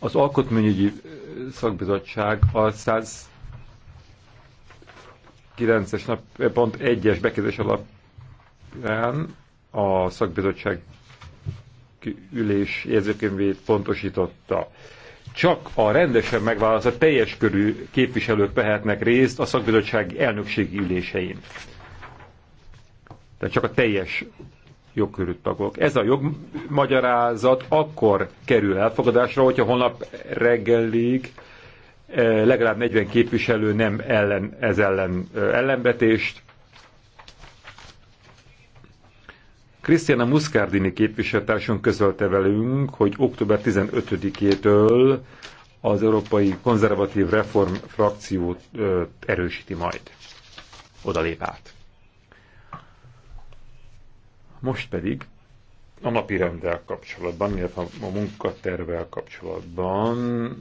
Az Alkotmányügyi Szakbizottság a 109-es nap, pont 1-es bekezdés alapján a szakbizottság ülés érzőkönyvét pontosította. Csak a rendesen megválasztott teljes körű képviselők vehetnek részt a szakbizottság elnökségi ülésein. Tehát csak a teljes jogkörű tagok. Ez a jogmagyarázat akkor kerül elfogadásra, hogyha holnap reggelig eh, legalább 40 képviselő nem ellen, ez ellen ellenbetést. Krisztiana Muscardini képviselőtársunk közölte velünk, hogy október 15-től az Európai Konzervatív Reform frakciót erősíti majd. Oda lép át. Most pedig a napi rendel kapcsolatban, illetve a munkatervel kapcsolatban